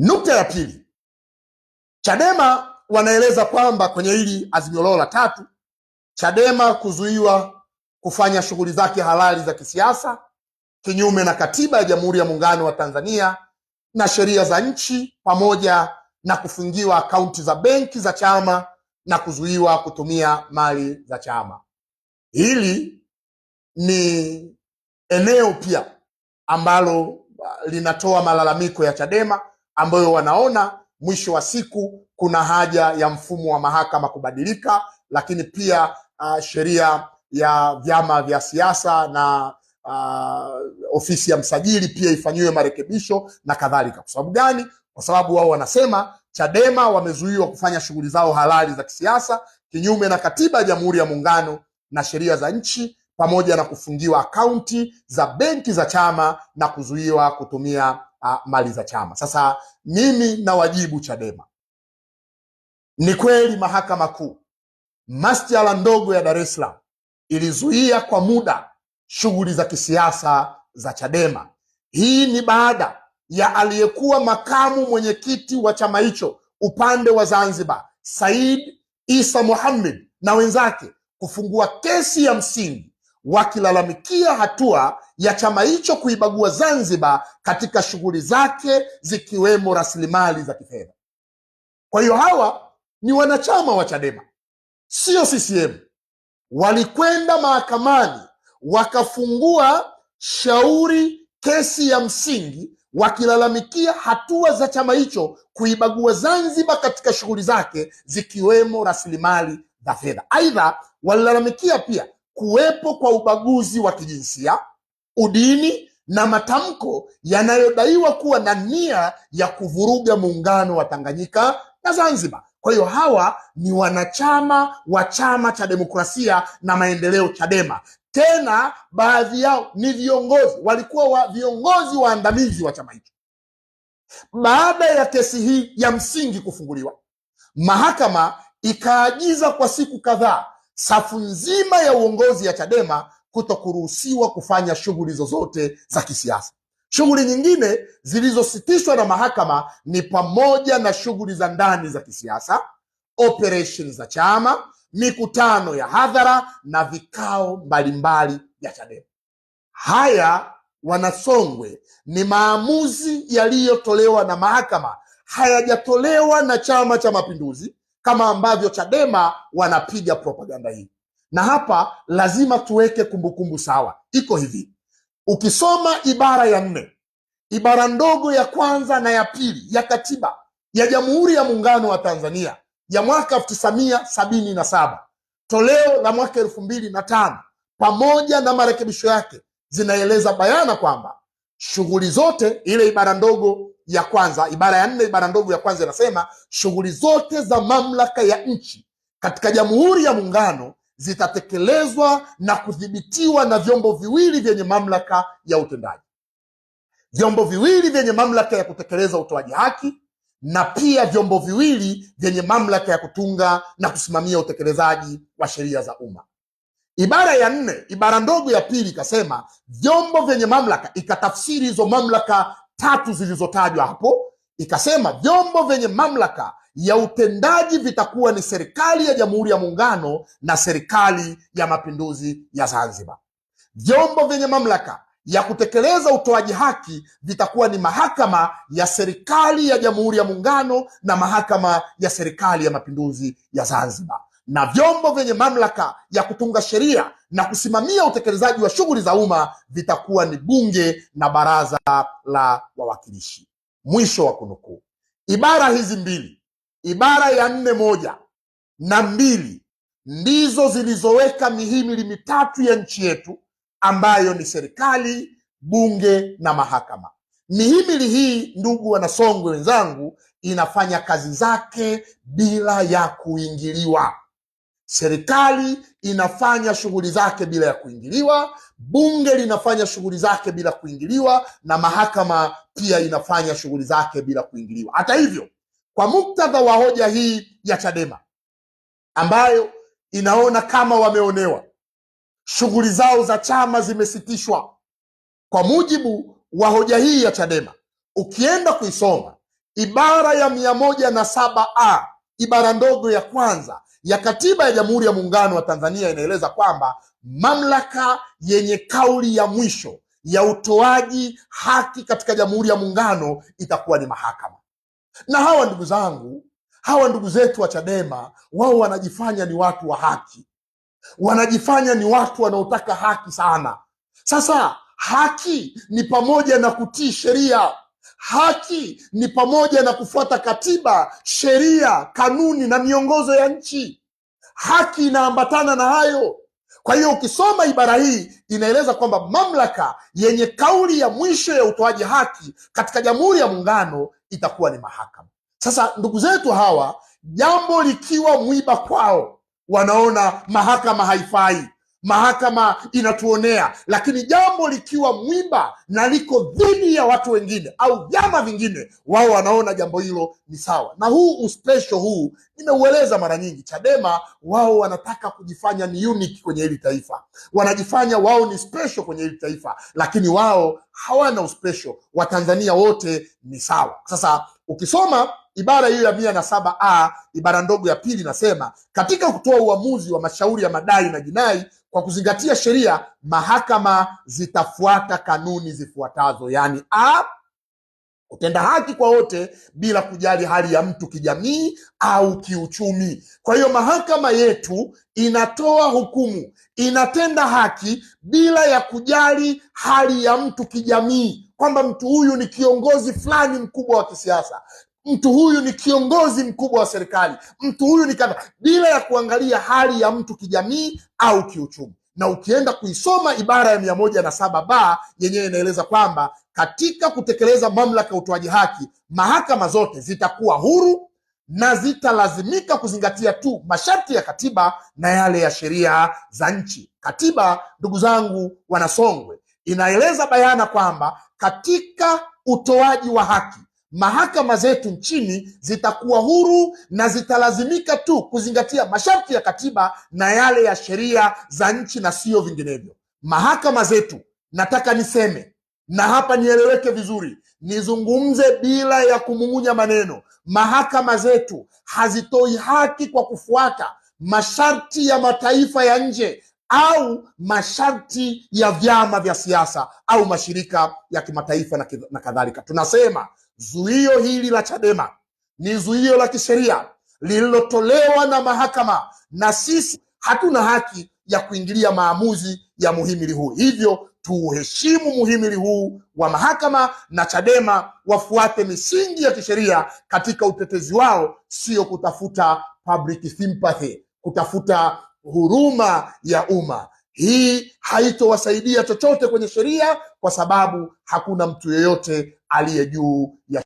Nukta ya pili, Chadema wanaeleza kwamba kwenye hili azimio lao la tatu, Chadema kuzuiwa kufanya shughuli zake halali za kisiasa kinyume na katiba ya Jamhuri ya Muungano wa Tanzania na sheria za nchi, pamoja na kufungiwa akaunti za benki za chama na kuzuiwa kutumia mali za chama. Hili ni eneo pia ambalo uh, linatoa malalamiko ya Chadema ambayo wanaona mwisho wa siku kuna haja ya mfumo wa mahakama kubadilika, lakini pia uh, sheria ya vyama vya siasa na uh, ofisi ya msajili pia ifanyiwe marekebisho na kadhalika. Kwa sababu gani? Kwa sababu wao wanasema Chadema wamezuiwa kufanya shughuli zao halali za kisiasa kinyume na katiba ya Jamhuri ya Muungano na sheria za nchi, pamoja na kufungiwa akaunti za benki za chama na kuzuiwa kutumia a, ah, mali za chama. Sasa mimi na wajibu Chadema, ni kweli mahakama kuu masjala ndogo ya Dar es Salaam ilizuia kwa muda shughuli za kisiasa za Chadema. Hii ni baada ya aliyekuwa makamu mwenyekiti wa chama hicho upande wa Zanzibar, Said Isa Mohamed na wenzake kufungua kesi ya msingi wakilalamikia hatua ya chama hicho kuibagua Zanzibar katika shughuli zake zikiwemo rasilimali za kifedha. Kwa hiyo hawa ni wanachama wa Chadema, sio CCM. Walikwenda mahakamani wakafungua shauri, kesi ya msingi wakilalamikia hatua za chama hicho kuibagua Zanzibar katika shughuli zake zikiwemo rasilimali za fedha. Aidha, walilalamikia pia kuwepo kwa ubaguzi wa kijinsia, udini na matamko yanayodaiwa kuwa na nia ya kuvuruga muungano wa Tanganyika na Zanzibar. Kwa hiyo hawa ni wanachama wa chama cha demokrasia na maendeleo Chadema, tena baadhi yao ni viongozi, walikuwa wa viongozi waandamizi wa chama hicho. Baada ya kesi hii ya msingi kufunguliwa, mahakama ikaagiza kwa siku kadhaa safu nzima ya uongozi ya Chadema kutokuruhusiwa kufanya shughuli zozote za kisiasa. Shughuli nyingine zilizositishwa na mahakama ni pamoja na shughuli za ndani za kisiasa, operesheni za chama, mikutano ya hadhara na vikao mbalimbali vya Chadema. Haya Wanasongwe, ni maamuzi yaliyotolewa na mahakama, hayajatolewa na Chama cha Mapinduzi kama ambavyo Chadema wanapiga propaganda hii. Na hapa lazima tuweke kumbukumbu sawa. Iko hivi, ukisoma ibara ya nne ibara ndogo ya kwanza na ya pili ya katiba ya Jamhuri ya Muungano wa Tanzania ya mwaka elfu tisamia sabini na saba toleo la mwaka elfu mbili na tano pamoja na marekebisho yake zinaeleza bayana kwamba shughuli zote, ile ibara ndogo ya kwanza ibara ya nne ibara ndogo ya kwanza inasema shughuli zote za mamlaka ya nchi katika Jamhuri ya Muungano zitatekelezwa na kudhibitiwa na vyombo viwili vyenye mamlaka ya utendaji, vyombo viwili vyenye mamlaka ya kutekeleza utoaji haki na pia vyombo viwili vyenye mamlaka ya kutunga na kusimamia utekelezaji wa sheria za umma. Ibara ya nne ibara ndogo ya pili ikasema vyombo vyenye mamlaka, ikatafsiri hizo mamlaka tatu zilizotajwa hapo, ikasema vyombo vyenye mamlaka ya utendaji vitakuwa ni serikali ya Jamhuri ya Muungano na serikali ya Mapinduzi ya Zanzibar. Vyombo vyenye mamlaka ya kutekeleza utoaji haki vitakuwa ni mahakama ya serikali ya Jamhuri ya Muungano na mahakama ya serikali ya Mapinduzi ya Zanzibar na vyombo vyenye mamlaka ya kutunga sheria na kusimamia utekelezaji wa shughuli za umma vitakuwa ni bunge na baraza la wawakilishi. Mwisho wa kunukuu. Ibara hizi mbili, ibara ya nne moja na mbili ndizo zilizoweka mihimili mitatu ya nchi yetu ambayo ni serikali, bunge na mahakama. Mihimili hii, ndugu wanasongwe wenzangu, inafanya kazi zake bila ya kuingiliwa. Serikali inafanya shughuli zake bila ya kuingiliwa, bunge linafanya shughuli zake bila kuingiliwa, na mahakama pia inafanya shughuli zake bila kuingiliwa. Hata hivyo, kwa muktadha wa hoja hii ya Chadema ambayo inaona kama wameonewa, shughuli zao za chama zimesitishwa. Kwa mujibu wa hoja hii ya Chadema, ukienda kuisoma ibara ya mia moja na saba a ibara ndogo ya kwanza ya Katiba ya Jamhuri ya Muungano wa Tanzania inaeleza kwamba mamlaka yenye kauli ya mwisho ya utoaji haki katika Jamhuri ya Muungano itakuwa ni mahakama. Na hawa ndugu zangu, hawa ndugu zetu wa Chadema, wao wanajifanya ni watu wa haki, wanajifanya ni watu wanaotaka haki sana. Sasa haki ni pamoja na kutii sheria Haki ni pamoja na kufuata katiba, sheria, kanuni na miongozo ya nchi. Haki inaambatana na hayo. Kwa hiyo ukisoma ibara hii inaeleza kwamba mamlaka yenye kauli ya mwisho ya utoaji haki katika Jamhuri ya Muungano itakuwa ni mahakama. Sasa ndugu zetu hawa, jambo likiwa mwiba kwao, wanaona mahakama haifai mahakama inatuonea, lakini jambo likiwa mwiba na liko dhidi ya watu wengine au vyama vingine, wao wanaona jambo hilo ni sawa. Na huu uspesho huu nimeueleza mara nyingi. Chadema wao wanataka kujifanya ni unique kwenye hili taifa, wanajifanya wao ni special kwenye hili taifa, lakini wao hawana uspesho. Watanzania wote ni sawa. Sasa ukisoma ibara hiyo ya mia na saba a ibara ndogo ya pili inasema katika kutoa uamuzi wa mashauri ya madai na jinai kwa kuzingatia sheria, mahakama zitafuata kanuni zifuatazo, yaani a kutenda haki kwa wote bila kujali hali ya mtu kijamii au kiuchumi. Kwa hiyo mahakama yetu inatoa hukumu, inatenda haki bila ya kujali hali ya mtu kijamii, kwamba mtu huyu ni kiongozi fulani mkubwa wa kisiasa, mtu huyu ni kiongozi mkubwa wa serikali, mtu huyu ni kadha, bila ya kuangalia hali ya mtu kijamii au kiuchumi. Na ukienda kuisoma ibara ya mia moja na saba ba yenyewe inaeleza kwamba katika kutekeleza mamlaka ya utoaji haki, mahakama zote zitakuwa huru na zitalazimika kuzingatia tu masharti ya katiba na yale ya sheria za nchi. Katiba, ndugu zangu Wanasongwe, inaeleza bayana kwamba katika utoaji wa haki mahakama zetu nchini zitakuwa huru na zitalazimika tu kuzingatia masharti ya katiba na yale ya sheria za nchi na sio vinginevyo. Mahakama zetu, nataka niseme na hapa nieleweke vizuri, nizungumze bila ya kumung'unya maneno. Mahakama zetu hazitoi haki kwa kufuata masharti ya mataifa ya nje au masharti ya vyama vya siasa au mashirika ya kimataifa na kadhalika. Tunasema Zuio hili la Chadema ni zuio la kisheria lililotolewa na mahakama, na sisi hatuna haki ya kuingilia maamuzi ya muhimili huu. Hivyo tuheshimu muhimili huu wa mahakama, na Chadema wafuate misingi ya kisheria katika utetezi wao, sio kutafuta public sympathy, kutafuta huruma ya umma. Hii haitowasaidia chochote kwenye sheria, kwa sababu hakuna mtu yeyote aliye juu ya